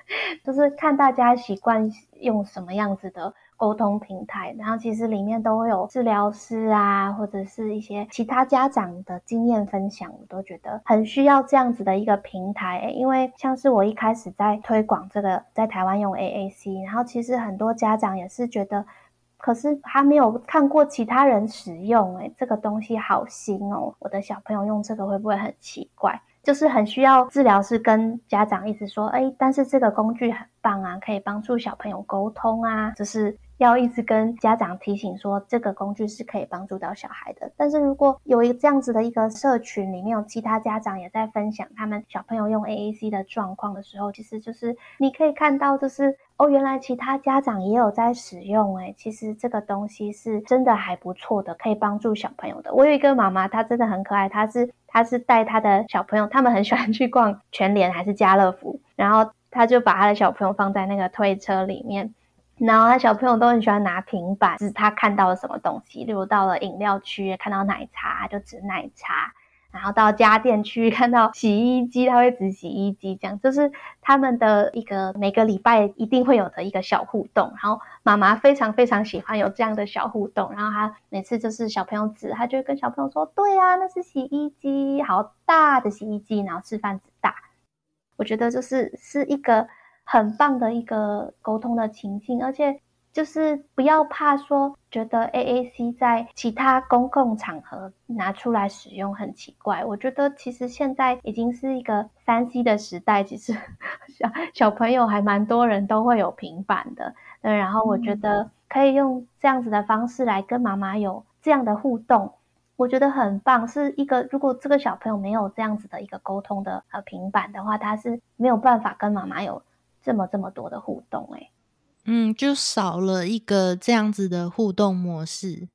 Speaker 2: 就是看大家習慣用什麼樣子的溝通平台，然後其實裡面都會有治療師啊，或者是一些其他家長的經驗分享，我都覺得很需要這樣子的一個平台，欸，因為像是我一開始在推廣這個在台灣用 AAC，然後其實很多家長也是覺得，可是還沒有看過其他人使用，欸，哎，這個東西好新哦，我的小朋友用這個會不會很奇怪？就是很需要治療師跟家長一直說，誒、欸，但是這個工具很棒啊，可以幫助小朋友溝通啊，就是。要一直跟家長提醒說，這個工具是可以幫助到小孩的。但是如果有一個這樣子的一個社群，裡面有其他家長也在分享他們小朋友用 AAC 的狀況的時候，其實就是你可以看到，就是哦，原來其他家長也有在使用、欸，哎，其實這個東西是真的還不錯的，可以幫助小朋友的。我有一個媽媽，她真的很可愛，她是她是帶她的小朋友，他們很喜歡去逛全聯還是家樂福，然後她就把她的小朋友放在那個推車裡面。然後他小朋友都很喜歡拿平板指他看到了什麼東西，例如到了飲料區看到奶茶就指奶茶，然後到家電區看到洗衣機他會指洗衣機，這樣就是他們的一個每個禮拜一定會有的一個小互動。然後媽媽非常非常喜歡有這樣的小互動，然後他每次就是小朋友指，他就跟小朋友說：“對啊，那是洗衣機，好大的洗衣機。”然後示範指大，我覺得就是是一個。很棒的一個溝通的情境，而且就是不要怕說覺得 AAC 在其他公共場合拿出來使用很奇怪。我覺得其實現在已經是一個三 C 的時代，其實小小朋友還蠻多人都會有平板的。嗯，然後我覺得可以用這樣子的方式來跟媽媽有這樣的互動，我覺得很棒。是一個如果這個小朋友沒有這樣子的一個溝通的呃平板的話，他是沒有辦法跟媽媽有這麼這麼多的互動，哎、
Speaker 1: 欸，嗯，就少了一個這樣子的互動模式。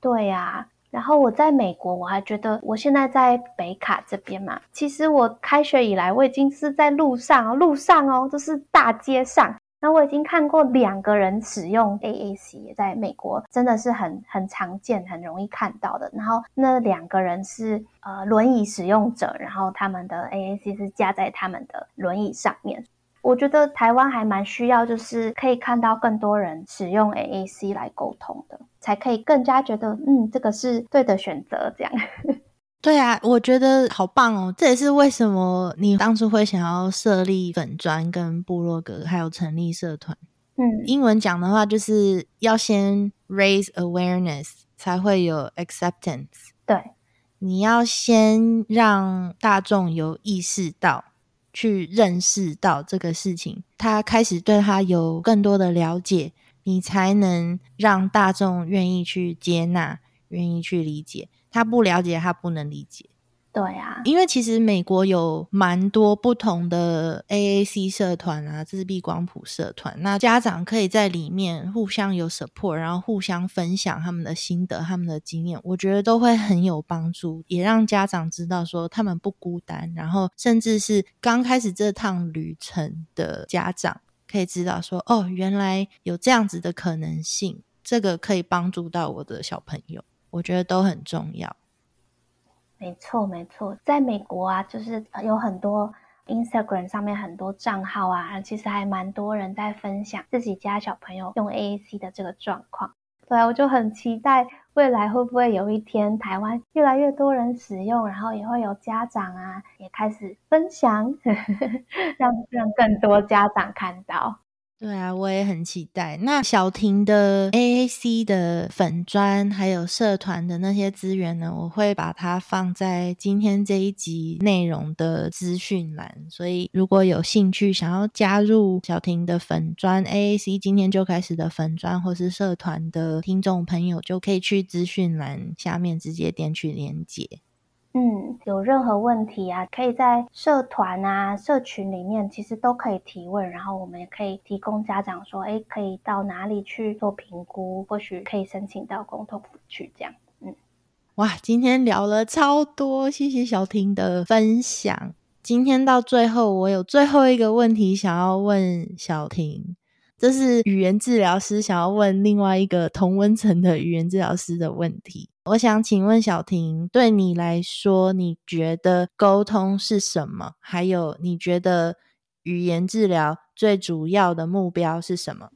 Speaker 2: 對呀、啊，然後我在美國，我還覺得我現在在北卡這邊嘛,其實我開學以來，我已經是在路上，路上哦，就是大街上。那我已經看過兩個人使用 AAC，也在美國真的是很很常見，很容易看到的。然後那兩個人是呃輪椅使用者，然後他們的 AAC 是架在他們的輪椅上面。我覺得台灣還蠻需要，就是可以看到更多人使用 AAC 來溝通的，才可以更加覺得，嗯，這個是對的選擇。這樣，
Speaker 1: 對啊，我覺得好棒哦！這也是為什麼你當初會想要設立粉專跟部落格，還有成立社團。嗯，英文講的話，就是要先 raise awareness，才會有 acceptance。對，你要先讓大眾有意識到。去認識到這個事情，他開始對他有更多的了解，你才能讓大眾願意去接納，願意去理解。他不了解，他不能理解。對啊，因為其實美國有蠻多不同的 AAC 社團啊，自閉光譜社團，那家長可以在裡面互相有 support，然後互相分享他們的心得、他們的經驗，我覺得都會很有幫助，也讓家長知道說他們不孤單，然後甚至是剛開始這趟旅程的家長可以知道說哦，原來有這樣子的可能性，這個可以幫助到我的小朋友，我覺得都很重要。
Speaker 2: 沒錯，沒錯，在美國啊，就是有很多 Instagram 上面很多賬號啊，其實還蠻多人在分享自己家小朋友用 AAC 的這個狀況。對，我就很期待未來會不會有一天台灣越來越多人使用，然後也會有家長啊，也開始分享，呵呵呵，讓讓更多家長
Speaker 1: 看到。對啊，我也很期待。那筱庭的 AAC 的粉專，還有社團的那些資源呢？我會把它放在今天這一集內容的資訊欄。所以，如果有興趣想要加入筱庭的粉專，AAC 今天就開始的粉專或是社團的聽眾朋友，就可以去資訊欄下面直接點去連結。
Speaker 2: 嗯，有任何問題啊，可以在社團啊、社群裡面，其實都可以提問，然後我們也可以提供家長說，哎、欸，可以到哪裡去做評估，或許可以申請到共同去這樣。
Speaker 1: 嗯，哇，今天聊了超多，謝謝筱庭的分享。今天到最後，我有最後一個問題想要問筱庭。這是語言治療師想要問另外一個同溫層的語言治療師的問題。我想請問筱庭，對你來說，你覺得溝通是什麼？還有，你覺得語言治療最主要的目標是什麼？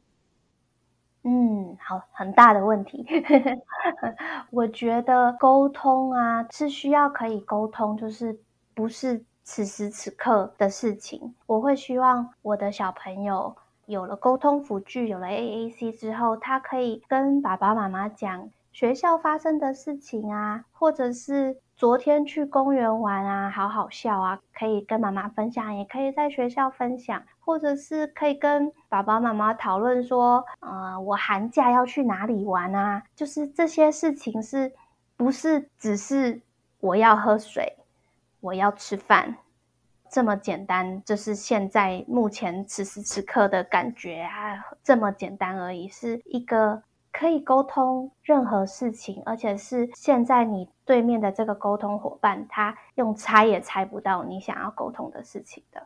Speaker 2: 嗯，好，很大的問題。 我覺得溝通啊，是需要可以溝通，就是不是此時此刻的事情。我會希望我的小朋友。有了溝通輔具，有了 AAC 之後，他可以跟爸爸媽媽講學校發生的事情啊，或者是昨天去公園玩啊，好好笑啊，可以跟媽媽分享，也可以在學校分享，或者是可以跟爸爸媽媽討論說，呃，我寒假要去哪裡玩啊？就是這些事情是不是只是我要喝水，我要吃飯，這麼簡單，就是現在目前此時此刻的感覺啊，這麼簡單而已，是一個可以溝通任何事情，而且是現在你對面的這個溝通夥伴，他用猜也猜不到你想要溝通的事情的。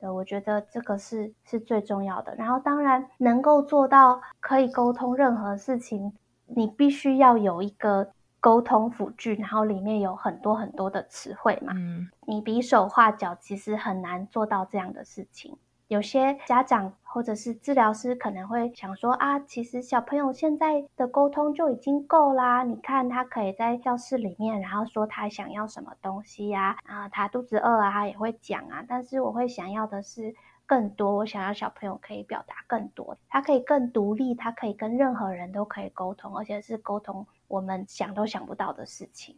Speaker 2: 對，我覺得這個是是最重要的。然後，當然能夠做到可以溝通任何事情，你必須要有一個。溝通輔具，然後裡面有很多很多的詞彙嘛，嗯，你比手畫腳其實很難做到這樣的事情。有些家長或者是治療師可能會想說啊，其實小朋友現在的溝通就已經夠啦，你看他可以在教室裡面，然後說他想要什麼東西呀，啊，啊，他肚子餓啊，他也會講啊，但是我會想要的是。更多，我想要小朋友可以表達更多，他可以更獨立，他可以跟任何人都可以溝通，而且是溝通我們想都想不到的事情。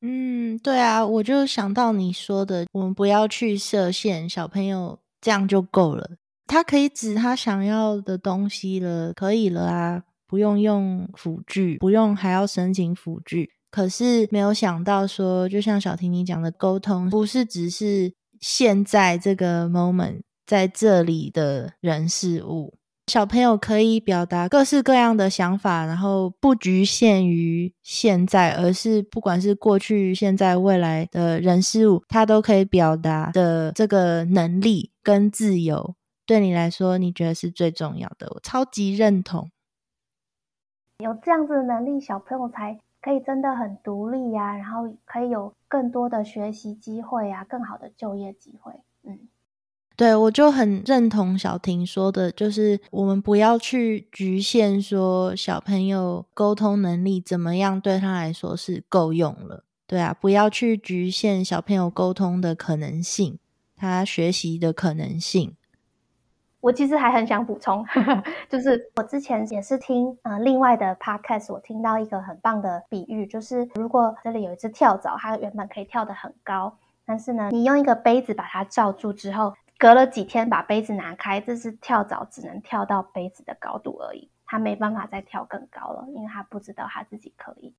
Speaker 1: 嗯，對啊，我就想到你說的，我們不要去設限，小朋友這樣就夠了。他可以指他想要的東西了，可以了啊，不用用輔具，不用還要申請輔具。可是沒有想到說，就像筱庭你講的，溝通不是只是。現在這個 moment，在這裡的人事物，小朋友可以表達各式各樣的想法，然後不局限於現在，而是不管是過去、現在、未來的人事物，他都可以表達的這個能力跟自由，對你來說，你覺得是最重要的。我超級認同。
Speaker 2: 有這樣子的能力，小朋友才。可以真的很獨立呀，然後可以有更多的學習機會呀，更好的就業機會。嗯，
Speaker 1: 對，我就很認同筱庭說的，就是我們不要去局限說小朋友溝通能力怎麼樣對他來說是夠用了。對啊，不要去局限小朋友溝通的可能性，他學習的可能性。
Speaker 2: 我其實還很想補充，哈哈，就是我之前也是聽呃另外的 podcast，我聽到一個很棒的比喻，就是如果這裡有一隻跳蚤，它原本可以跳得很高，但是呢，你用一個杯子把它罩住之後，隔了幾天把杯子拿開，這隻跳蚤只能跳到杯子的高度而已，它沒辦法再跳更高了，因為它不知道它自己可以。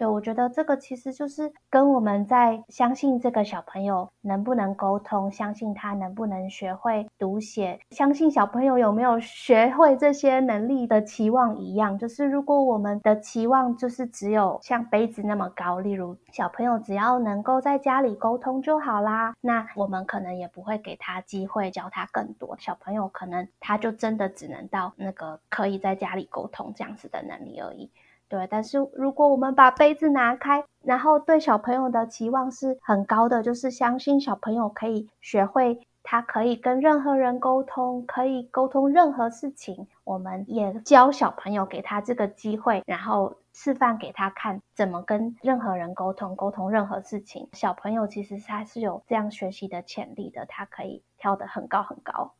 Speaker 2: 對，我覺得這個其實就是跟我們在相信這個小朋友能不能溝通，相信他能不能學會讀寫，相信小朋友有沒有學會這些能力的期望一樣。就是如果我們的期望就是只有像杯子那麼高，例如小朋友只要能夠在家裡溝通就好啦，那我們可能也不會給他機會教他更多。小朋友可能他就真的只能到那個可以在家裡溝通這樣子的能力而已。對，但是如果我們把杯子拿開，然後對小朋友的期望是很高的，就是相信小朋友可以學會，他可以跟任何人溝通，可以溝通任何事情。我們也教小朋友給他這個機會，然後示範給他看怎麼跟任何人溝通，溝通任何事情。小朋友其實他是有這樣學習的潛力的，他可以跳得很高很高。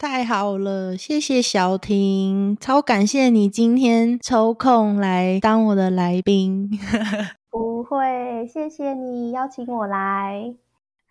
Speaker 1: 太好了，謝謝筱庭，超感謝你今天抽空來當我的來賓。
Speaker 2: 不會，謝謝你邀請我來。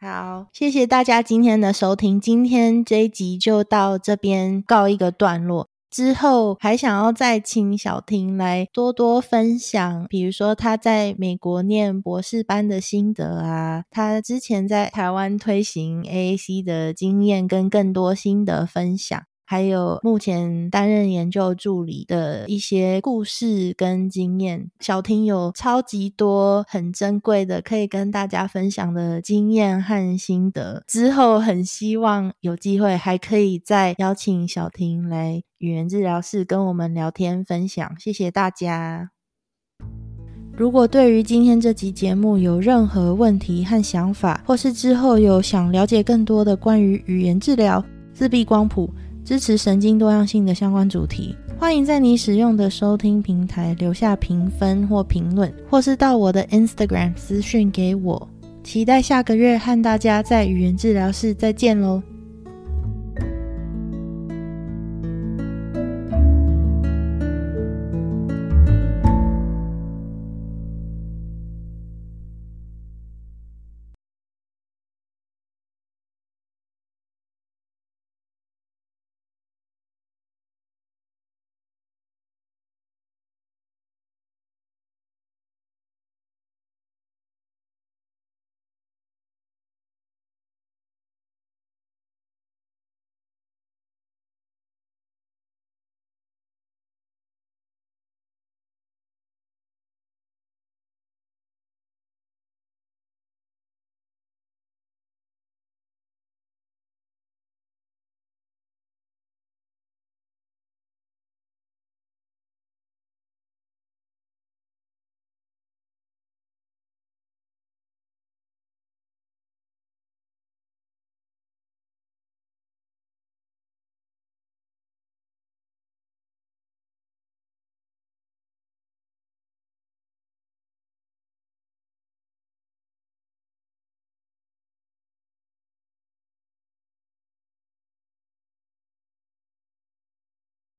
Speaker 2: 好，
Speaker 1: 謝謝大家今天的收聽，今天這一集就到這邊告一個段落。之後還想要再請筱庭來多多分享，比如說她在美國念博士班的心得啊，她之前在台灣推行 AAC 的經驗跟更多心得分享。還有目前擔任研究助理的一些故事跟經驗，筱庭有超級多很珍貴的可以跟大家分享的經驗和心得。之後很希望有機會還可以再邀請筱庭來語言摯聊室跟我們聊天分享。謝謝大家！如果對於今天這集節目有任何問題和想法，或是之後有想了解更多的關於語言治療、自閉光譜，支持神經多樣性的相關主題，歡迎在你使用的收聽平台留下評分或評論，或是到我的 Instagram 私訊給我。期待下個月和大家在語言摯聊室再見嘍！